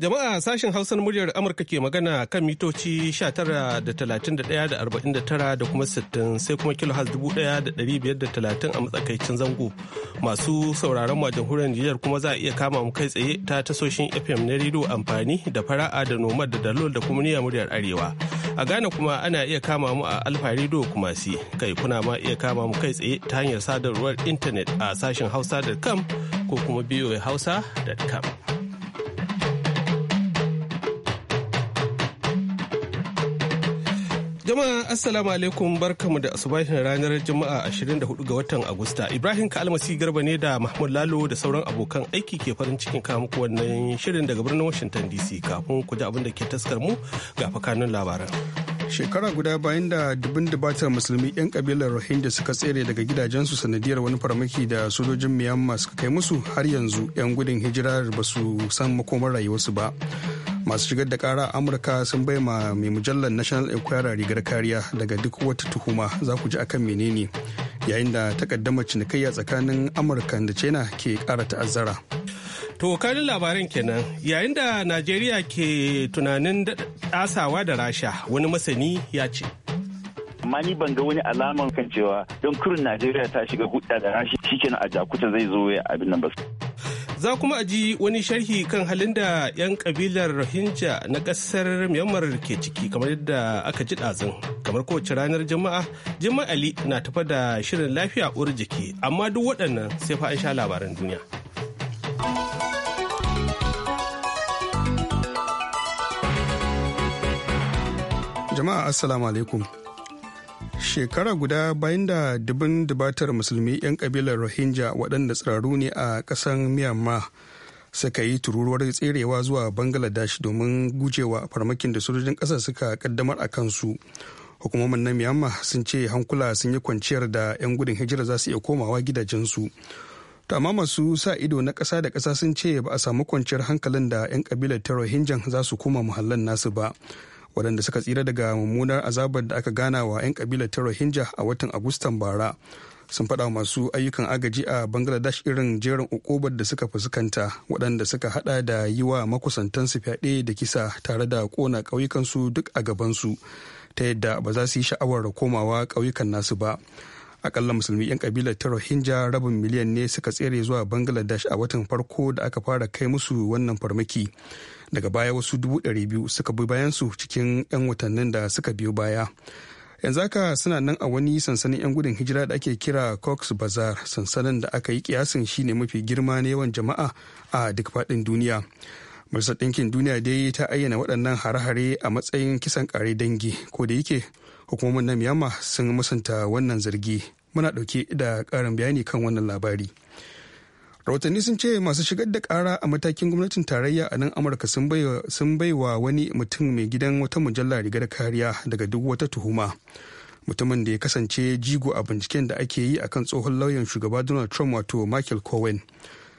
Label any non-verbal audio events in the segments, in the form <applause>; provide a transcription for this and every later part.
Jama'a sashen Hausar muryar Amurka ke magana kan mitoci 19.31.49 da kuma 60 sai kuma kilo 1,530 a matsakaicin zango. Masu sauraron mu a jamhuriyar Nijar kuma za a iya kama mu kai tsaye ta tasoshin FM na rediyo amfani da fara'a da nomad da dalol da kuma niyyar muryar Arewa. A Ghana kuma ana iya kama mu a Alfa Rido kuma si kai kuna ma iya kama mu kai tsaye ta hanyar sadarwar intanet a sashen hausa.com ko kuma hausa.com. Jama'a Assalamu alaikum barkamu da asubahin ranar Juma'a 24 ga watan Agusta. Ibrahim Kalmasi Garba ne da Mahmud Lalo da sauran abokan aiki ke farin cikin kawo muku wannan shirin daga birnin Washington DC kafin ku ji abin da ke taskar mu ga fakanin labaran. Shekara guda bayan da dubin dubatar musulmi 'yan kabilar Rohingya suka tsere daga gidajensu sanadiyar wani farmaki da sojojin Myanmar suka kai musu har yanzu 'yan gudun hijirar ba su san makomar rayuwarsu ba. masu shigar da kara amurka sun bai ma mai mujallar national inquirer rigar kariya daga duk wata tuhuma za ku ji akan menene yayin da takaddamar cinikayya tsakanin amurka da china ke kara ta'azzara to kanin labarin kenan yayin da najeriya ke tunanin dasawa da rasha wani masani ya ce amma ni ban ga wani alaman kan cewa don kurin najeriya ta shiga hudda da rashi shikenan a jakuta zai zo ya abin nan ba Za kuma a ji wani sharhi kan halin da 'yan kabilar Rohingya na ƙasar Myanmar ke ciki kamar yadda aka ji ɗazun. Kamar kowace ranar jama'a. jama'a Ali na tafa da shirin lafiya uwar jiki, amma duk waɗannan sai fa sha labaran duniya. Jama'a Assalamu alaikum. shekara guda bayan da dubin dubatar musulmi 'yan kabilar rohingya waɗanda tsiraru ne a ƙasar myanmar suka yi tururuwar tserewa zuwa bangladesh domin gujewa farmakin da sojojin ƙasa suka kaddamar a kansu hukumomin na myanmar sun ce hankula sun yi kwanciyar da 'yan gudun hijira za su iya komawa gidajensu to amma masu sa ido na ƙasa da ƙasa sun ce ba a samu kwanciyar hankalin da 'yan ƙabilar ta rohingya za su koma muhallin nasu ba waɗanda suka tsira daga mummunar azabar da aka gana wa 'yan kabila ta rohingya a watan agustan bara sun faɗa masu ayyukan agaji a bangladesh irin jerin ukubar da suka fuskanta waɗanda suka hada da yi wa makusantansu fyaɗe da kisa tare da ƙona ƙauyukansu duk a gabansu ta yadda ba za su yi sha'awar komawa ƙauyukan nasu ba akalla musulmi 'yan kabilar ta rohingya rabin miliyan ne suka tsere zuwa bangladesh a watan farko da aka fara kai musu wannan farmaki daga baya wasu dubu ɗari biyu suka bi bayansu cikin 'yan watannin da suka biyo baya yanzu haka suna nan a wani sansanin 'yan gudun hijira da ake kira cox bazar sansanin da aka yi kiyasin shine mafi girma na yawan jama'a a duk faɗin duniya majalisar ɗinkin duniya dai ta ayyana waɗannan hare-hare a matsayin kisan ƙare dangi ko da yake hukumomin na myanmar sun musanta wannan zargi muna ɗauke da ƙarin bayani kan wannan labari rahotanni sun ce masu shigar da kara a matakin gwamnatin tarayya a nan amurka sun bai wa wani mutum mai gidan wata mujalla rigar kariya daga duk wata tuhuma mutumin da ya kasance jigo a binciken da ake yi akan tsohon lauyan shugaba donald trump wato michael cohen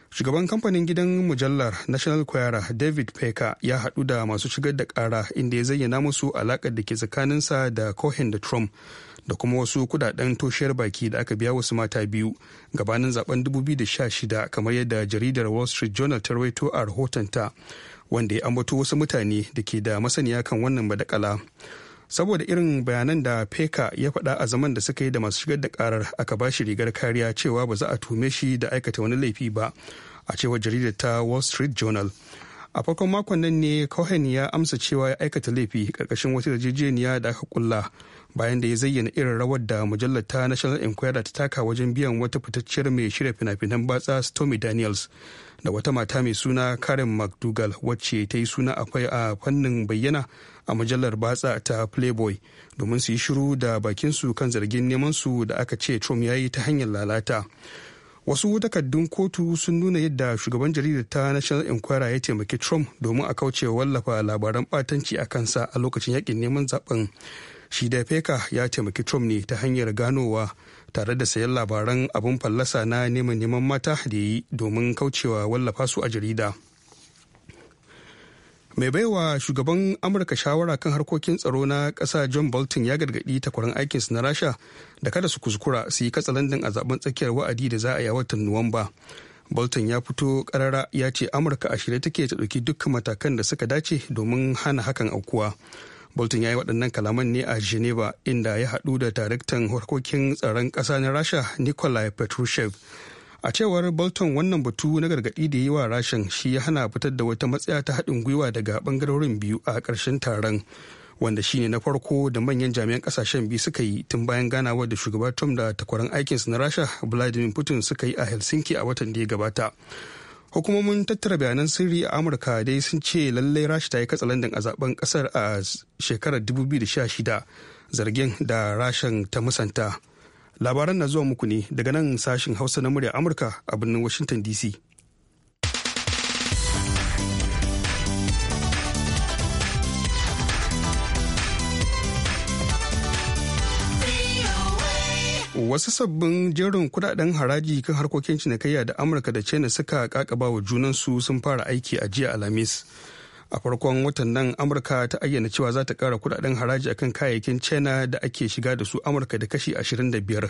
shugaban kamfanin gidan mujallar national choir david peker ya hadu da masu shigar da kara inda ya zayyana musu alakar da ke tsakaninsa da cohen da trump da kuma wasu kudaden toshiyar baki da aka biya wasu mata biyu gabanin zaben 2016 kamar yadda jaridar wall street journal ta rawaito a rahotonta wanda ya ambato wasu mutane da ke da masaniya kan wannan badakala saboda irin bayanan da peka ya faɗa a zaman da suka yi da masu shigar da karar aka ba shi rigar kariya cewa ba za a tume shi da aikata wani laifi ba a cewar jaridar ta wall street journal a farkon makon nan ne cohen ya amsa cewa ya aikata laifi karkashin wata yarjejeniya da aka kulla bayan da ya zayyana irin rawar da mujallar ta national enquirer ta taka wajen biyan wata fitacciyar mai shirya fina-finan batsa stormy daniels da wata mata mai suna karen mcdougal wacce ta yi suna akwai a fannin bayyana a mujallar batsa ta playboy domin su yi shiru da bakinsu kan zargin neman su da aka ce trump ya yi ta hanyar lalata wasu takaddun kotu sun nuna yadda shugaban jaridar ta national enquirer ya taimaki trump domin a kauce wallafa labaran batanci a kansa a lokacin yakin neman zaben shi da feka ya taimaki trump ne ta hanyar ganowa tare da sayan labaran abun fallasa na neman neman mata da yi domin kaucewa wallafa su a jarida mai baiwa shugaban amurka shawara kan harkokin tsaro na ƙasa john bolton ya gargadi takwaran aikinsu na rasha da kada su kuskura su yi katsalandan a zaben tsakiyar wa'adi da za a yi watan nuwamba bolton ya fito karara ya ce amurka a shirye take ta dauki dukkan matakan da suka dace domin hana hakan aukuwa bolton ya yi waɗannan kalaman ne a geneva inda ya haɗu da daraktan harkokin tsaron ƙasa na rasha nikolai petrushev a cewar bolton wannan batu na gargaɗi da yi wa rashin shi ya hana fitar da wata matsaya ta haɗin gwiwa daga ɓangarorin biyu a ƙarshen taron wanda shi ne na farko da manyan jami'an ƙasashen biyu suka yi tun bayan ganawar da shugaba trump da takwaran aikinsu na rasha vladimir putin suka yi a helsinki a watan da ya gabata hukumomin tattara bayanan sirri a amurka dai sun ce lallai rasha ta yi katsalandan a zaben kasar a shekarar 2016 zargin da rashin ta musanta labaran na zuwa muku ne daga nan sashin hausa na murya amurka a birnin washinton dc wasu sabbin jerin kudaden haraji kan harkokin cinikayya da amurka da china suka kakaba wa junansu sun fara aiki a jiya alhamis a farkon watan nan amurka ta ayyana cewa za ta kara kudaden haraji akan kayayyakin china da ake shiga da su amurka da kashi 25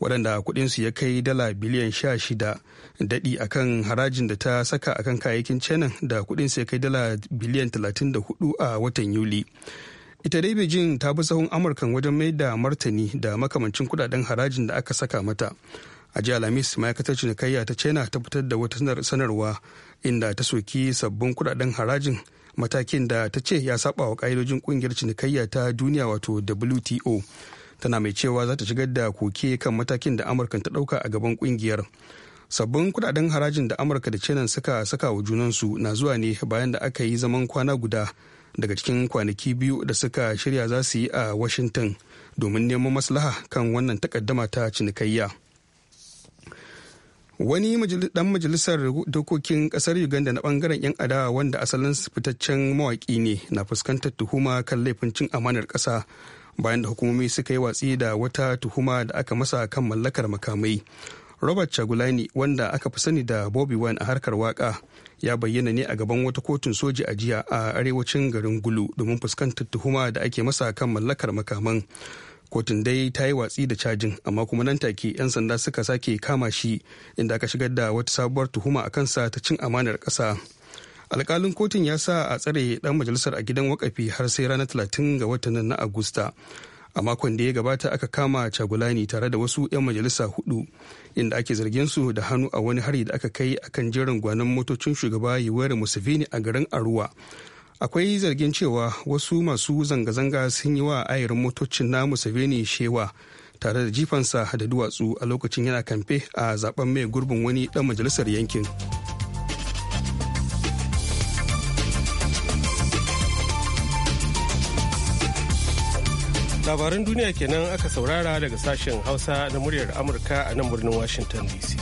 waɗanda kudinsu ya kai dala biliyan 16 daɗi akan harajin da ta saka akan kayayyakin china da kudinsu ya kai dala biliyan 34 a watan yuli ita dai beijing ta bi sahun amurkan wajen mai da martani da makamancin kudaden harajin da aka saka mata a jiya alhamis ma'aikatar cinikayya ta china ta fitar da wata sanarwa inda ta soki sabbin kudaden harajin matakin da ta ce ya saba wa ka'idojin kungiyar cinikayya ta duniya wato wto tana mai cewa za ta shigar da koke kan matakin da amurka ta dauka a gaban kungiyar sabbin kudaden harajin da amurka da china suka saka wa junansu na zuwa ne bayan da aka yi zaman kwana guda daga cikin kwanaki biyu da suka shirya za su yi a washington domin neman maslaha kan wannan takaddama ta cinikayya wani dan majalisar dokokin kasar uganda na bangaren yan adawa wanda asalin fitaccen mawaki ne na fuskantar tuhuma kan laifin cin amanar kasa bayan da hukumomi suka yi watsi da wata tuhuma da aka masa kan mallakar makamai robert chagulani wanda aka fi sani da bobby wine a harkar waka ya bayyana ne a gaban wata kotun soji a jiya a arewacin garin gulu domin fuskantar tuhuma da ake masa kan mallakar makaman kotun dai ta yi watsi da cajin amma kuma nan take 'yan sanda suka sake kama shi inda aka shigar da wata sabuwar tuhuma a kansa ta cin amanar ƙasa alkalin kotun ya sa a tsare dan majalisar a gidan wakafi har sai ranar 30 ga watan na agusta a makon da ya gabata aka kama cagulani tare da wasu 'yan majalisa hudu inda ake zargin su da hannu a wani hari da aka kai akan jerin gwanon motocin shugaba yuwere museveni a garin aruwa akwai zargin cewa wasu masu zanga-zanga sun yi wa ayarin motocin na museveni shewa tare da jifansa da duwatsu a lokacin yana kamfe a zaben mai gurbin wani dan majalisar yankin. labaran duniya kenan aka saurara daga sashen hausa na muryar amurka a nan birnin washington dc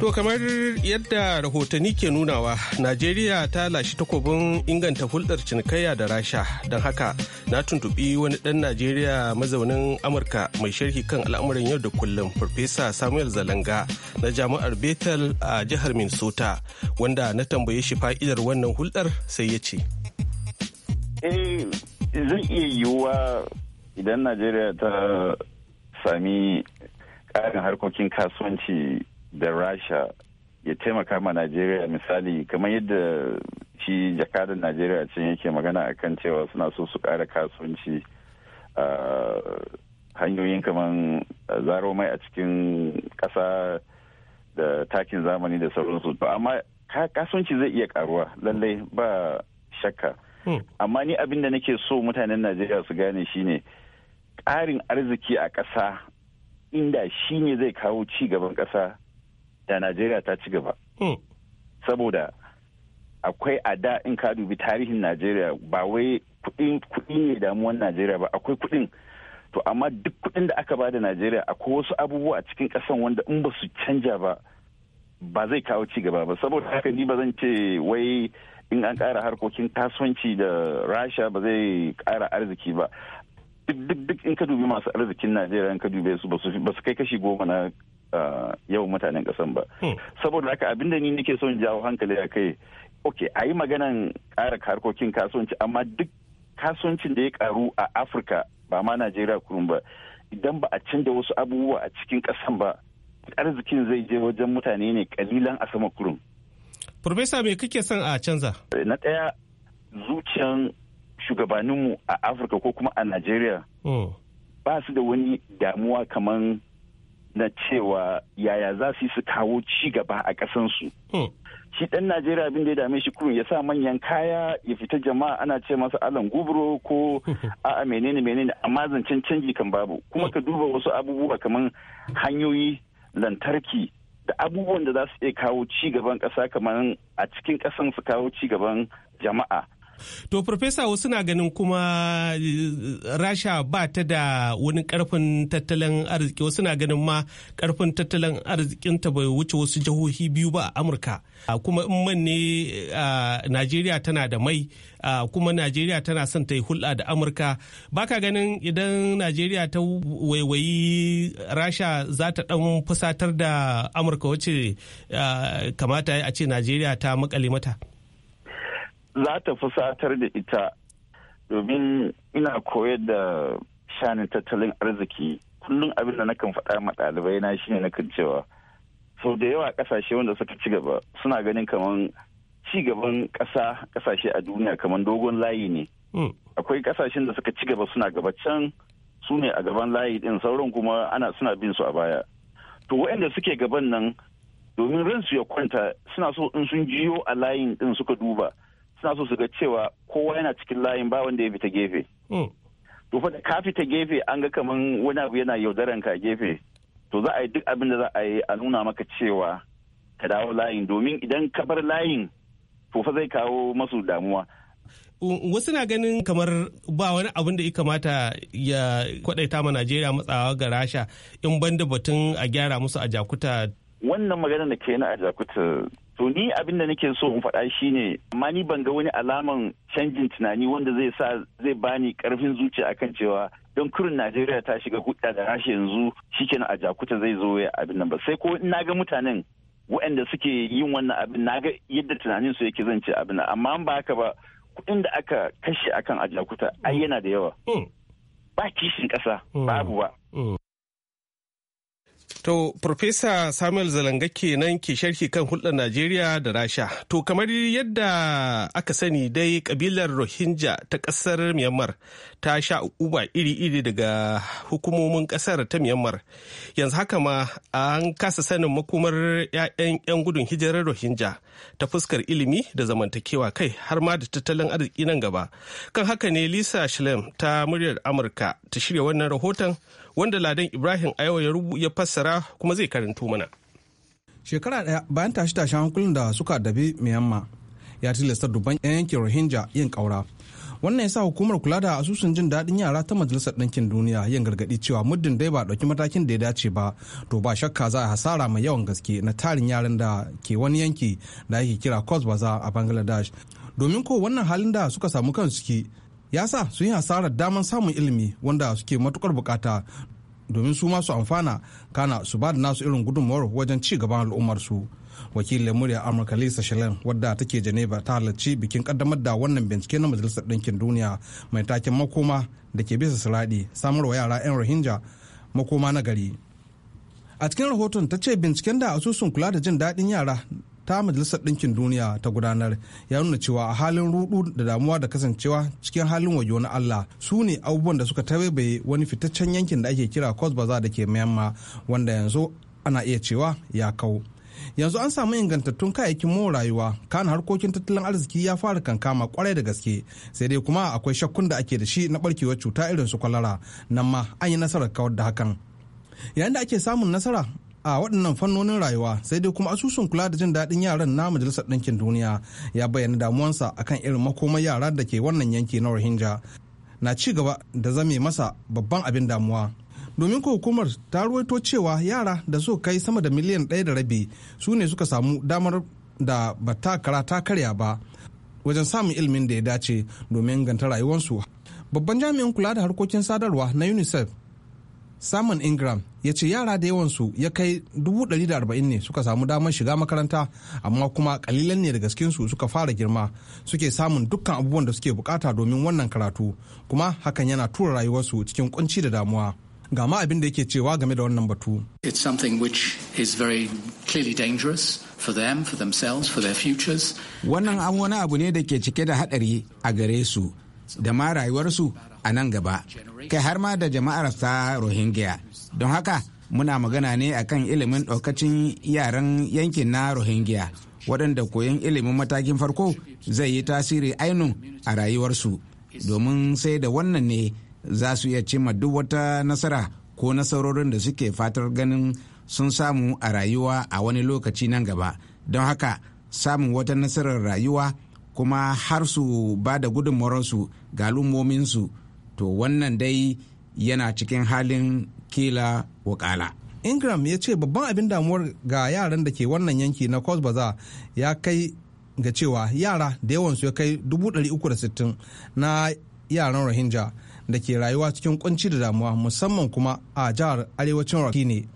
To kamar yadda rahotanni ke nunawa, Najeriya ta lashi takobin inganta hulɗar cinikayya da Rasha, don haka na tuntuɓi wani ɗan Najeriya mazaunin Amurka mai sharhi kan al'amuran yau da kullum, Farfesa Samuel Zalanga na jami'ar Bethel a jihar Minnesota, wanda na tambaye shi fa'idar wannan hulɗar sai ya ce. Eh, zai iya yiwuwa idan Najeriya ta sami ƙarin harkokin kasuwanci da rasha ya taimaka ma najeriya misali kamar yadda shi jakadan najeriya can yake magana a kan cewa suna so su kara kasuwanci hanyoyin kamar zaro mai a cikin kasa da takin zamani da sauransu to amma kasuwanci zai iya karuwa lallai ba shakka hmm. amma ni abin da nake so mutanen najeriya su gane shine ƙarin arziki a ƙasa inda shine zai kawo ci gaban ƙasa da najeriya ta ci gaba hmm. saboda akwai a da in ka dubi tarihin najeriya ba wai kuɗi ne damuwan najeriya ba akwai kuɗin to amma duk kuɗin da aka bada najeriya akwai wasu abubuwa a cikin kasan wanda in ba su canja ba ba zai kawo ci gaba ba saboda haka ni ba zan ce wai in an ƙara harkokin kasuwanci da rasha ba zai ƙara arziki ba duk duk in ka dubi masu arzikin najeriya in ka dube su ba su kai kashi goma na Uh, yawan mutanen kasan ba hmm. saboda haka abinda ni nake son jawo hankali a kai ok a yi maganan ƙara harkokin kasuwanci amma duk kasuwancin da ya karu a afirka ba ma najeriya kurun ba idan ba a canza wasu abubuwa a cikin kasan ba arzikin zai je wajen mutane ne kalilan a sama kurun. Profesa me kake son a canza? Eh, na ɗaya zuciyan shugabanninmu a Afirka ko kuma a Najeriya hmm. ba su da wani damuwa kamar na cewa yaya za su yi su kawo ci gaba a ƙasansu. Hmm. Shi ɗan Najeriya abin da ya dame shi kurun ya sa manyan kaya ya fita jama'a ana ce masa alan guburo ko <laughs> a'a menene menene amma zancen canji kan babu. Kuma ka duba wasu abubuwa kamar hanyoyi lantarki da abubuwan da za su iya kawo ci gaban ƙasa kamar a cikin ƙasan su kawo ci gaban jama'a To, Profesa wasu na ganin kuma eh, Rasha ba ta da wani karfin tattalin arziki, wasu na ganin ma karfin tattalin arzikinta bai wuce wasu jihohi biyu ba a Amurka. Ah, kuma in man ne ah, Najeriya tana da mai, ah, kuma Najeriya tana son ta yi hulɗa da Amurka. Baka ganin idan Najeriya ta waiwayi Rasha za ta ɗan fusatar da Amurka wace kamata a ce Najeriya ta makale mata. za ta fusatar da ita domin ina koyar da shanin tattalin arziki kullum abin da nakan faɗa ma ɗalibai na shine nakan cewa sau da yawa ƙasashe wanda suka ci gaba suna ganin kamar ci gaban ƙasa ƙasashe a duniya kamar dogon layi ne hmm. akwai ƙasashen da suka ci gaba suna gaba can su ne a gaban layi ɗin sauran kuma ana suna bin su a baya to waɗanda suke gaban nan domin ransu ya kwanta suna so in sun jiyo a layin ɗin suka duba suna so su ga cewa kowa yana cikin layin ba wanda ya fita gefe hmm. to fa da ka fita gefe an ga kaman wani abu yana yaudaran ka gefe to za a yi duk abin da za a yi a nuna maka cewa ka dawo layin domin idan ka bar layin to fa zai kawo masu damuwa wasu na ganin kamar ba wani abin da ya kamata ya kwadaita ma Najeriya matsawa ga Rasha in banda batun a gyara musu a Jakuta. Wannan magana da ke na a Jakuta To ni abin da nake so in faɗa shine amma ni ban ga wani alaman canjin tunani wanda zai sa zai bani karfin zuciya akan cewa don kurin Najeriya ta shiga hudda da rashi yanzu shikenan a jakuta zai zo ya abin nan ba sai ko na ga mutanen waɗanda suke yin wannan abin na ga yadda tunanin su yake zance abin amma ba haka ba kuɗin da aka kashe akan a jakuta ai yana da yawa hmm. ba kishin ƙasa hmm. babu ba hmm. To, Profesa Samuel Zalanga kenan ke sharhi kan hulɗar Najeriya da Rasha. To, kamar yadda aka sani dai kabilar Rohingya ta ƙasar Myanmar ta sha uba iri-iri daga hukumomin ƙasar ta Myanmar. Yanzu haka ma an kasa sanin makomar 'ya'yan 'yan gudun hijirar Rohingya ta fuskar ilimi da zamantakewa kai har ma da tattalin arziki nan gaba. Kan haka ne Lisa Shlem ta muryar Amurka ta shirya wannan rahoton wanda Ladan Ibrahim Aiwa ya rubu ya fassara kuma zai karanto mana. Shekara ɗaya bayan tashi tashen hankulin da suka dabi Myanmar ya tilasta dubban 'yan yankin Rohingya yin ƙaura. Wannan ya sa hukumar kula da asusun jin daɗin yara ta Majalisar Ɗinkin Duniya yin gargaɗi cewa muddin dai ba ɗauki matakin da ya dace ba, to ba shakka za a hasara mai yawan gaske na tarin yaran da ke wani yanki da ake kira Cox's Bazar a Bangladesh. domin ko wannan halin da suka samu kansu ki ya sa sun yi hasarar damar samun ilimi wanda suke matukar bukata domin su masu amfana kana su ba da nasu irin gudunmawar wajen ci gaban su wakilin murya amurka lisa shalen wadda take geneva ta halarci bikin kaddamar da wannan bincike na majalisar ɗinkin duniya mai taken makoma da ke bisa siraɗi samarwa yara 'yan rohingya makoma na gari a cikin rahoton ta ce binciken da asusun kula da jin daɗin yara ta majalisar ɗinkin duniya ta gudanar ya nuna cewa a halin rudu da damuwa da kasancewa cikin halin waje na Allah su ne abubuwan da suka tabaibaye wani fitaccen yankin da ake kira Coast Bazaar da ke Myanmar wanda yanzu ana iya cewa ya kau. yanzu an samu ingantattun kayayyakin more rayuwa kan harkokin tattalin arziki ya fara kankama kwarai da gaske sai dai kuma akwai shakkun da ake da shi na barkewar cuta irin su kwalara nan ma an yi nasarar kawar da hakan yayin da ake samun nasara a waɗannan fannonin rayuwa sai dai kuma asusun kula da jin daɗin yaran na majalisar ɗinkin duniya ya bayyana damuwansa akan irin makomar yara da ke wannan yanki na rohingya na ci gaba da zame masa babban abin damuwa domin ko hukumar ta ruwaito cewa yara da suka kai sama da miliyan ɗaya da rabi su ne suka samu damar da ba ta kara ta karya ba wajen samun ilimin da ya dace domin ganta rayuwarsu babban jami'in kula da harkokin sadarwa na unicef Simon Ingram ya ce yara da yawansu ya kai 140 ne suka samu damar shiga makaranta amma kuma kalilan ne da su suka fara girma suke samun dukkan abubuwan da suke bukata domin wannan karatu kuma hakan yana tura rayuwarsu cikin kunci da damuwa. Ga ma abin da yake cewa game da wannan batu. It's something which is very clearly dangerous for them, for themselves, for their futures. Wannan wani abu ne da ke cike da haɗari a gare su. da ma rayuwarsu a nan gaba kai har ma da jama'ar ta rohingya don haka muna magana ne akan ilimin ɗaukacin yaran yankin na rohingya waɗanda koyon ilimin matakin farko zai yi tasiri ainun a rayuwarsu domin sai da wannan ne za su iya cimma duk wata nasara ko nasarorin da suke fatar ganin sun samu a rayuwa a wani lokaci nan gaba don haka samun wata nasarar rayuwa kuma har su ba da gudunmawarsu ga al'ummominsu to wannan dai yana cikin halin kila wakala ingram ya ce babban abin damuwar ga yaran da ke wannan yanki na cross ya kai ga cewa yara da yawansu ya kai 360 na yaran rohingya da ke rayuwa cikin kunci da damuwa musamman kuma a jihar arewacin ne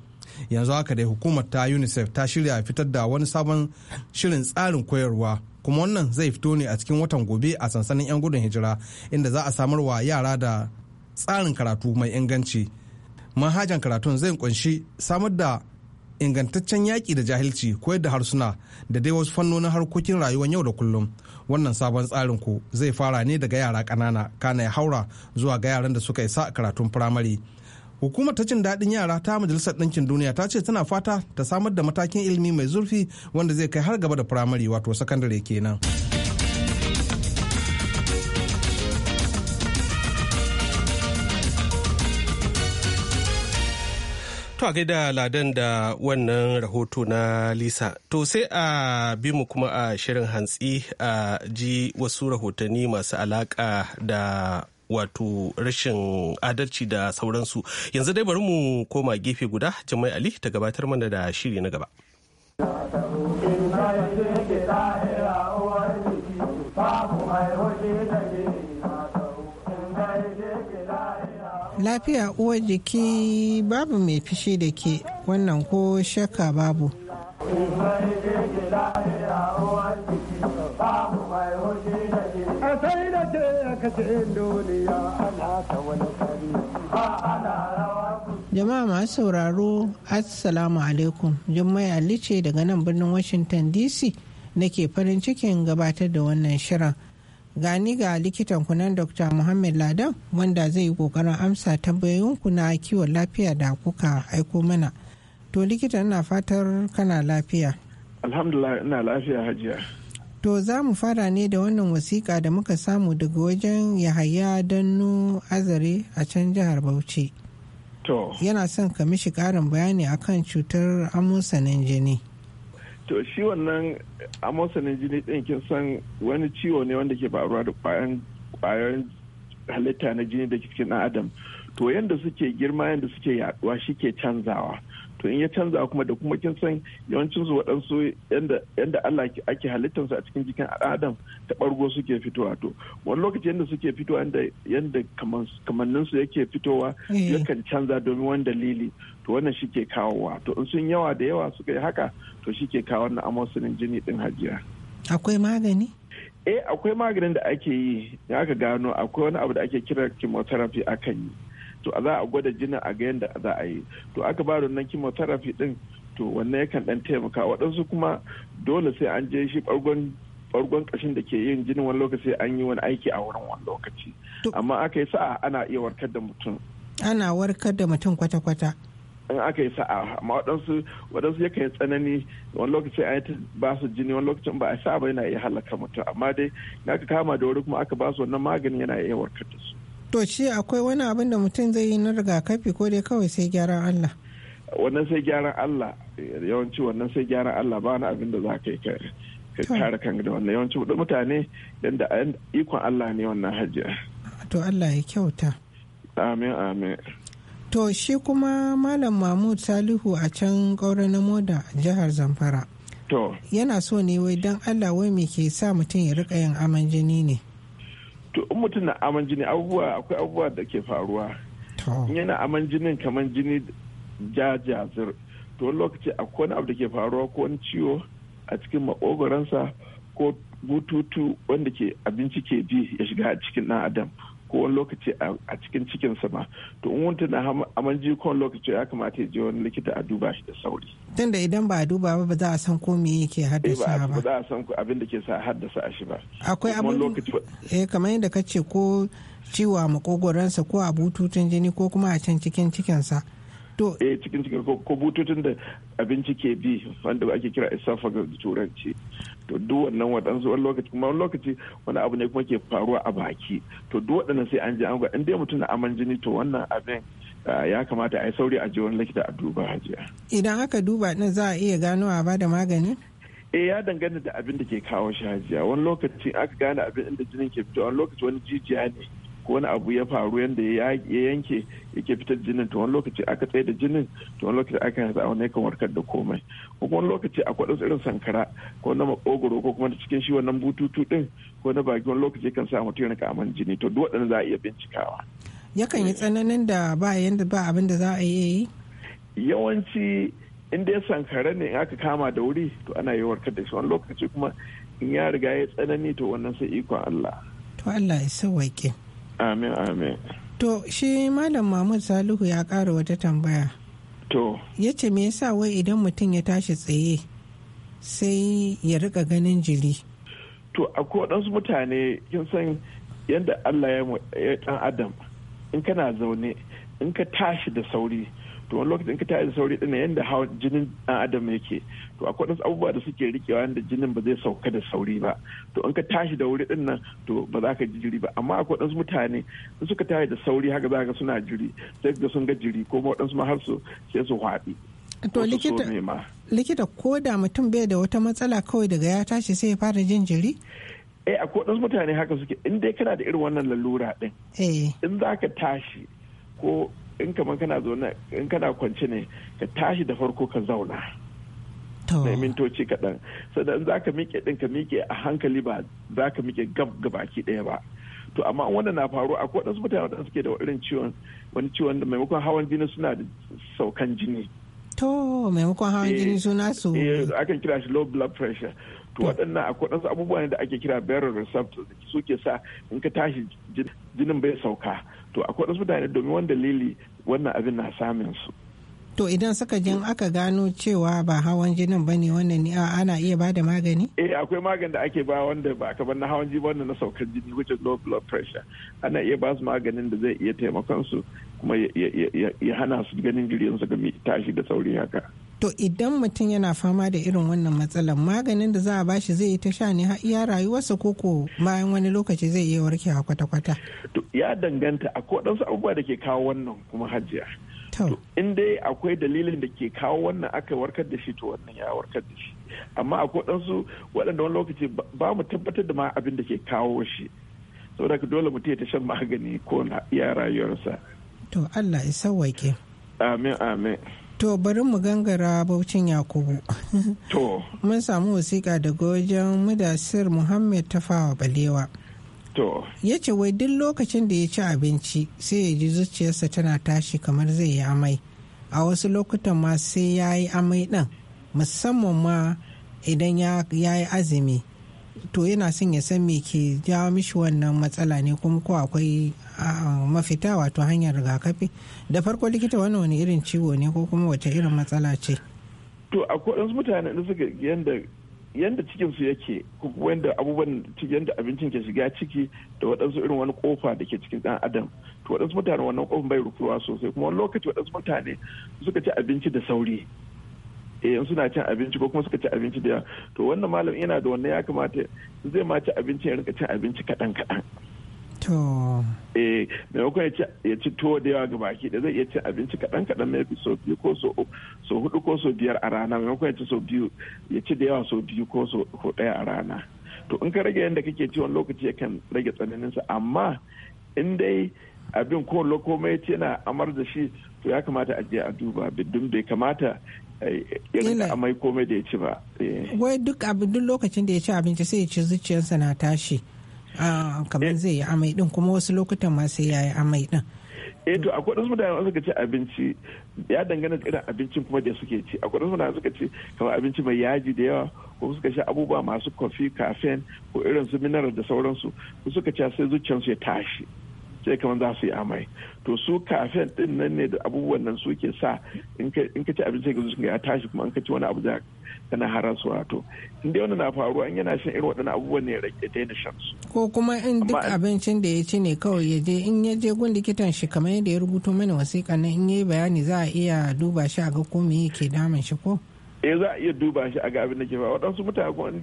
yanzu haka dai hukumar ta unicef ta shirya fitar da wani sabon shirin tsarin koyarwa kuma wannan zai fito ne a cikin watan gobe a sansanin 'yan gudun hijira inda za a samar wa yara da tsarin karatu mai inganci manhajan karatun zai kunshi samar da ingantaccen yaƙi da jahilci koyar da harsuna da dai wasu fannonin harkokin rayuwar yau da kullum wannan sabon tsarin ko zai fara ne daga yara ƙanana kana ya haura zuwa ga yaran da suka isa karatun firamare hukumar ta cin daɗin yara ta majalisar ɗinkin duniya ta ce tana fata ta samar da matakin ilimi mai zurfi wanda zai kai har gaba da firamare wato sakandare kenan To a gaida ladan da wannan rahoto na Lisa. To sai a bi mu kuma a shirin hantsi a ji wasu rahotanni masu alaka da wato rashin adalci da sauransu yanzu dai bari mu koma gefe guda jama'i ali ta gabatar mana da shiri na gaba lafiya uwar jiki babu mai fishi da ke wannan ko shakka babu jama'a masu sauraro assalamu alaikum jummai Alice daga nan birnin washington dc nake farin cikin gabatar da wannan shirin gani ga likitan kunan dr muhammad ladan wanda zai yi kokarin amsa tambayoyinku na kiwon lafiya da kuka aiko mana to likita na fatar kana lafiya alhamdulillah ina lafiya hajiya To za mu fara ne da wannan wasiƙa da muka samu daga wajen Yahaya Dannu Azare a can jihar Bauchi. To. Yana son ka mishi ƙarin bayani akan cutar amosanin jini. To shi wannan amosanin jini ɗin kin san wani ciwo ne wanda ke faruwa da ƙwayoyin halitta na jini da cikin ɗan adam. To yanda suke girma yanda suke yaɗuwa shi ke canzawa. to in ya canza kuma da kuma kin san yawancin su waɗansu yadda Allah ake halittar su a cikin jikin adam ta ɓargo suke fitowa to wani lokaci yadda suke fitowa yadda kamanninsu yake fitowa eh. yakan canza domin wani dalili to wannan shi ke kawowa to in sun yawa da yawa suka yi haka to shi ke kawo wannan amosanin jini din hajiya akwai magani eh akwai maganin da ake yi da aka gano akwai wani abu da ake kira chemotherapy akan yi to a za a gwada jinin a ga yadda za a yi to aka ba da wannan chemotherapy din to wannan yakan dan taimaka waɗansu kuma dole sai an je shi ɓargon ɓargon ƙashin da ke yin jinin wani lokaci an yi wani aiki a wurin wani lokaci amma aka yi sa'a ana iya warkar da mutum ana warkar da mutum kwata-kwata in aka yi sa'a amma waɗansu waɗansu ya kai tsanani wani lokaci a yi ba su jini wani lokacin ba a sa ba yana iya halaka mutum amma dai na ka kama da wuri kuma aka ba su wannan maganin yana iya warkar da su to shi akwai wani abin da mutum zai yi na rigakafi ko dai kawai sai gyaran allah wannan sai gyaran allah yawanci wannan sai gyaran allah ba wani abin da za ka yi kare kan da wannan yawanci mutane dan da ikon allah ne wannan hajji. to allah ya kyauta amin amin to shi kuma malam mahmud salihu a can ƙaura na moda jihar zamfara to yana so ne wai don allah wai me ke sa mutum ya rika yin aman jini ne to in mutum na aman jini abubuwa akwai abubuwa da ke faruwa in yana aman jini kamar jini jajazir to wani lokaci akwai wani abu da ke faruwa ko wani ciwo a cikin makogoransa ko bututu wanda ke abinci ke bi ya shiga a cikin ɗan adam ko wani lokaci a cikin cikinsa ma to in wanta na aman wani lokaci ya kamata ya je wani likita a duba shi da sauri. tun da idan ba a duba ba ba za a san ko me yake haddasa eh, ba ba za a san abin da ke sa haddasa a shi ba akwai abin eh kamar yadda ka ce ko ciwa makogoran sa ko a bututun jini ko kuma a can cikin cikinsa to eh cikin cikin ko bututun da abinci ke bi wanda ake kira esophagus turanci to duk wannan waɗansu wani lokaci kuma wani lokaci wani abu ne kuma ke faruwa a baki to duk waɗannan sai an ji an in dai mutum na aman jini to wannan abin ah, ya kamata a yi sauri a je wani likita a duba hajiya. idan aka duba ɗin za a iya gano ba da magani. e ya dangana da abin da ke kawo shi hajiya wani lokaci aka gane abin inda jinin ke fito wani lokaci wani jijiya ne ko wani abu ya faru yadda ya yanke yake fitar jinin to wani lokaci aka tsaye da jinin to wani lokaci aka yasa wani yakan warkar da komai ko kuma wani lokaci akwai ɗansu tsirin sankara ko na makogoro ko kuma cikin shi wannan bututu din ko na baki wani lokaci kan sa mutum yana aman jini to duk waɗanda za a iya bincikawa. yakan yi tsananin da ba yanda ba abin da za a yi yawanci in dai sankara ne in aka kama da wuri to ana yi warkar da shi wani lokaci kuma in ya riga ya tsanani to wannan sai ikon Allah. to Allah ya sauwaƙe. amin amin to shi malam mahmud salihu ya ƙara wata tambaya to ya ce me yasa wai idan mutum ya tashi tsaye sai ya rika ganin jiri to akwai waɗansu mutane kin san yadda allah ya yi adam in kana zaune in ka tashi da sauri to wani lokacin ka tashi da sauri din yanda hawan jinin dan adam yake to akwai wasu abubuwa da suke rikewa yanda jinin ba zai sauka da sauri ba to in ka tashi da wuri din nan to ba za ka ji jiri ba amma akwai wasu mutane in suka tashi da sauri haka za ka suna jiri sai ka sun ga jiri ko waɗansu ma har su sai su haɗi. to likita likita ko da mutum bai da wata matsala kawai daga ya tashi sai ya fara jin jiri eh akwai wasu mutane haka suke in dai kana da irin wannan lalura din eh. in za ka tashi ko in kamar kana zaune in kana kwance ne ka tashi da farko ka zauna na mintoci kaɗan sannan za ka miƙe ɗin ka miƙe a hankali ba za ka miƙe gab gabaki ɗaya ba to amma wanda na faru akwai waɗansu mutane da suke da irin ciwon wani ciwon da maimakon hawan jini suna da saukan jini to maimakon hawan eh, jini suna su eh, akan kira shi low blood pressure to waɗannan akwai waɗansu abubuwa ne da ake kira baroreceptors receptors suke sa in ka tashi jinin bai sauka to akwai wasu mutane domin wani dalili wannan abin na samun su to idan suka jin aka gano cewa ba hawan jinin ba ne wannan ni ana iya ba da magani eh akwai magani da ake ba wanda ba ka bar na hawan jini wanda na saukar jini which is low blood pressure ana iya ba su maganin da zai iya taimakon su kuma ya hana su ganin jirin su ga tashi da sauri haka to idan mutum yana fama da irin wannan matsalar maganin da za a bashi zai yi ta sha ne har iya rayuwarsa ko bayan wani lokaci zai iya warkewa kwata-kwata ya danganta akwai waɗansu abubuwa da ke kawo wannan kuma hajiya in dai akwai dalilin da ke kawo wannan aka warkar da shi to wannan ya warkar da shi amma akwai waɗansu waɗanda wani lokaci ba mu tabbatar da ma abin da ke kawo shi saboda ka dole mutum ya ta shan magani ko na iya rayuwarsa to Allah ya sawwake amin amin To bari mu gangara Baucin Yakubu. To. <laughs> Mun samu wasiƙa daga wajen Mudasir ta fawa Balewa. To. Ya ce wai duk lokacin da ya ci abinci sai ya ji zuciyarsa tana tashi kamar zai yi amai. A wasu lokutan ma sai ya yi amai ɗin musamman ma idan ya yi azumi. to yana son ya san me ke jawo mishi wannan matsala ne kuma ko akwai mafita wato hanyar rigakafi da farko likita wani wani irin ciwo ne ko kuma wace irin matsala ce to akwai wasu mutane da suka yanda yanda cikin su yake ko yanda abubuwan yanda abincin ke shiga ciki da waɗansu irin wani kofa da ke cikin ɗan adam to waɗansu mutane wannan kofin bai rufuwa sosai kuma wani lokaci waɗansu mutane suka ci abinci da sauri e in suna cin abinci ko kuma suka ci abinci da to wannan malam yana da wannan ya kamata zai ma ci abinci ya rinka cin abinci kaɗan kaɗan to eh maimakon ya ci tuwo da yawa ga baki da zai iya cin abinci kaɗan kaɗan mai fi so biyu ko so so hudu ko so biyar a rana maimakon ya ci so biyu ya ci da yawa so biyu ko so ɗaya a rana to in ka rage yadda kake ci wani lokaci yakan rage tsananinsa amma in dai abin ko komai yana amar da shi to ya kamata a je a duba bidin bai kamata irin eh, amai komai da ya ci ba eh. wai duk abin duk lokacin da ya ci abinci sai ya ci zuciyarsa na tashi ah, kamar eh. zai yi amai din kuma wasu lokutan ma sai ya yi amai din eh to akwai wasu mutane suka ci abinci ya dangana da irin abincin kuma da suke ci akwai wasu mutane suka ci kamar abinci mai yaji da yawa ko suka sha abubuwa masu kofi caffeine ko irin su mineral da sauransu suka ci sai zuciyarsu ya tashi sai kamar za su yi amai to su kafin din nan ne da abubuwan nan suke sa in ka ci abinci ka zuciya ya tashi kuma in ka ci wani abu da kana harasuwa to in dai wannan na faruwa in yana shan irin waɗannan abubuwan ne ya daina shan su. ko kuma in duk abincin da ya ci ne kawai ya je in ya je gun likitan shi kamar yadda ya rubuto mana wasiƙa nan in ya yi bayani za a iya duba shi a ga ko me yake damun shi ko. eh za a iya duba shi a ga abin da ke fa waɗansu mutane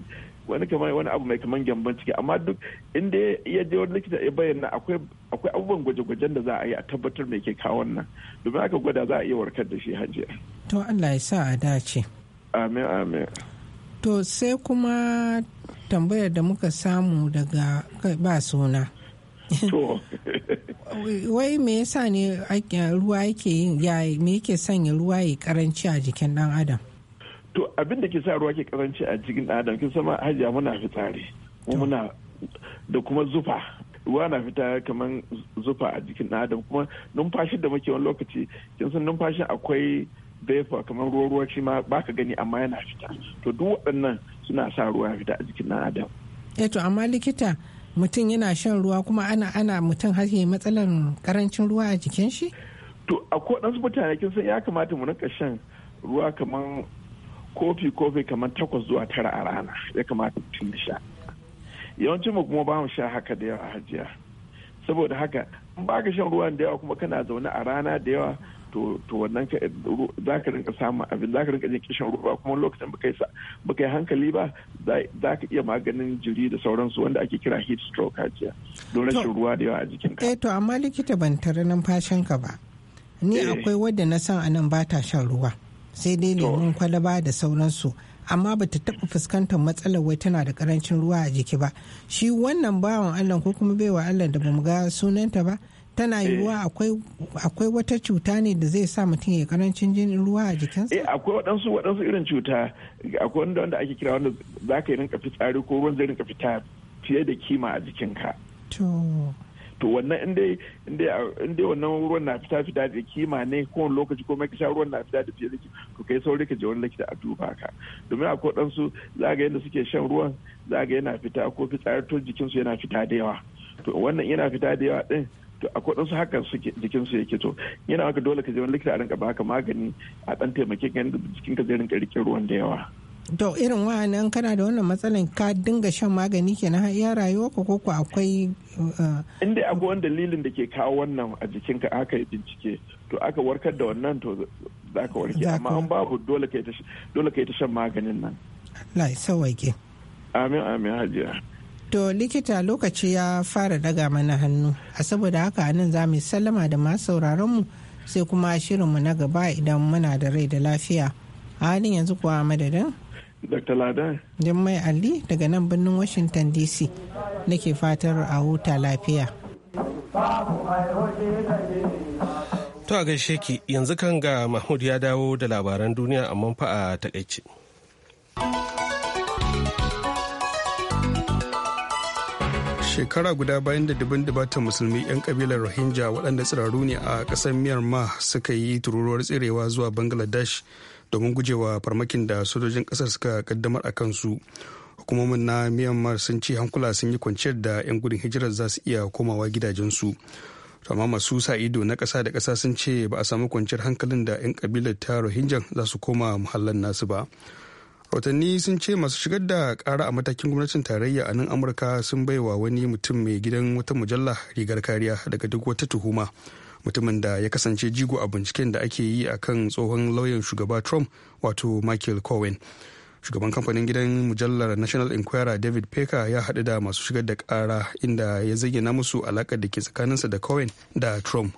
wani kamar wani abu mai kamar gyamban ciki amma duk inda ya je wani likita ya bayyana akwai akwai abubuwan gwaje-gwajen da za a yi a tabbatar me ke kawo wannan domin aka gwada za a iya warkar da shi hajiya to Allah ya sa a dace amin amin to sai kuma tambayar da muka samu daga ba suna <laughs> wai me yasa ne ruwa yake yin me yake sanya ruwa ya karanci a jikin dan adam to abin da ke sa ruwa ke karanci a cikin adam kin sama hajiya muna fitsari muna da kuma zufa ruwa na fita kamar zufa a jikin adam kuma numfashi da muke wani lokaci kin san numfashin akwai vapor kamar ruwa ruwa shi ma baka gani amma yana fita to duk waɗannan suna sa ruwa ya fita a jikin adam eh to amma likita mutum yana shan ruwa kuma ana ana mutum har yayi matsalar karancin ruwa a jikin shi to akwai ɗansu mutane kin san ya kamata mu rinka shan ruwa kamar kofi kofi kamar takwas zuwa tara a rana ya kamata mutum ya sha yawancin mu kuma ba mu sha haka da yawa hajiya saboda haka in ba ka shan ruwan da yawa kuma kana zaune a rana da yawa to wannan ka za ka rinka samun abin za ka rinka jin kishin ruwa kuma lokacin ba yi yi hankali ba za ka iya maganin jiri da sauransu wanda ake kira heat stroke hajiya don rashin ruwa da yawa a jikin ka. eh to amma likita ban tare numfashin ka ba ni eh. akwai wadda na san anan ba ta shan ruwa sai dai lemun kwalaba da sauransu amma ba ta taɓa fuskantar matsalar wai tana da karancin ruwa a jiki ba shi wannan bawan allah ko kuma baiwa allah da bamu ga sunanta ba tana eh. yiwuwa akwai wata cuta ne da zai sa mutum ya karancin jinin ruwa a jikinsa? Eh akwai waɗansu waɗansu irin cuta akwai wanda wanda ake kira wanda za ka yi rinka fitsari ko ruwan zai rinka fita fiye da kima a jikinka. to wannan inda dai wannan ruwan na fita fita da kima ne ko lokaci ko maka sha ruwan na fita da fiye da to kai sauri ka je wani likita a duba ka domin a kodan su za ga yadda suke shan ruwan za ga yana fita ko fitsarar to jikin su yana fita da yawa to wannan yana fita da yawa din to a kodan su hakan suke jikin su yake to yana haka dole ka je wani likita a rinka baka magani a dan taimake ka yadda jikin ka zai rinka rike ruwan da yawa to irin wa'annan kana da wannan matsalan ka dinga shan magani kenan har iya rayuwa ko ko akwai uh, inda akwai wani dalilin da ke kawo wannan a jikinka aka yi bincike to aka warkar da wannan to za ka warke amma an babu dole ka yi ta shan maganin nan lai sawaike amin amin hajiya To likita lokaci ya fara daga mana hannu, a saboda haka nan za mu sallama da masu mu sai kuma shirinmu na gaba idan muna da rai da lafiya. A halin yanzu kuwa madadin Dr. Lada. Jummai Ali daga nan birnin Washington DC nake fatar a huta lafiya. To a gaishe ki yanzu kan ga Mahmud ya dawo da labaran duniya amma fa a takaice. shekara guda bayan da dubin dubatan musulmi 'yan kabilar rohingya waɗanda tsiraru ne a ƙasar myanmar suka yi tururuwar tsirewa zuwa bangladesh domin gujewa farmakin da sojojin kasar suka kaddamar a kansu hukumomin na myanmar sun ce hankula sun yi kwanciyar da 'yan gudun hijirar za su iya komawa gidajensu amma masu sa ido na kasa da kasa sun ce ba a samu kwanciyar hankalin da 'yan kabilar ta rohingya za su koma muhallan nasu ba rahotanni sun ce masu shigar da kara a matakin gwamnatin tarayya a nan amurka sun baiwa wani mutum mai gidan wata mujalla rigar kariya daga duk wata tuhuma mutumin da ya kasance jigo a binciken da ake yi a kan tsohon lauyan shugaba trump wato michael cohen shugaban kamfanin gidan mujallar national inquirer david pecker ya haɗu da masu shigar da ƙara inda ya zayyana musu alaƙar da ke tsakaninsa da cohen da trump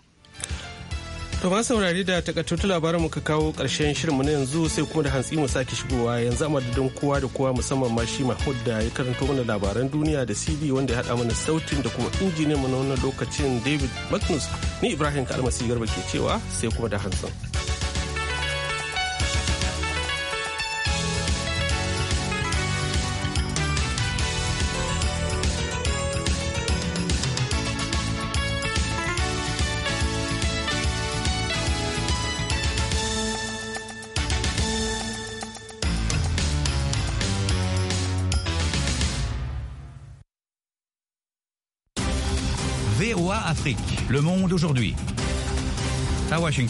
To ma saurari da takaitattun labaran muka kawo ƙarshen shirinmu na yanzu sai kuma da hantsi mu sake shigowa yanzu a madadin kowa da kowa musamman ma shi Mahmud da ya karanto mana labaran duniya da CD wanda ya haɗa mana sautin da kuma injiniyan mu na wannan lokacin David Magnus ni Ibrahim Kalmasi Garba ke cewa sai kuma da hantsin. Le Monde aujourd'hui. À Washington.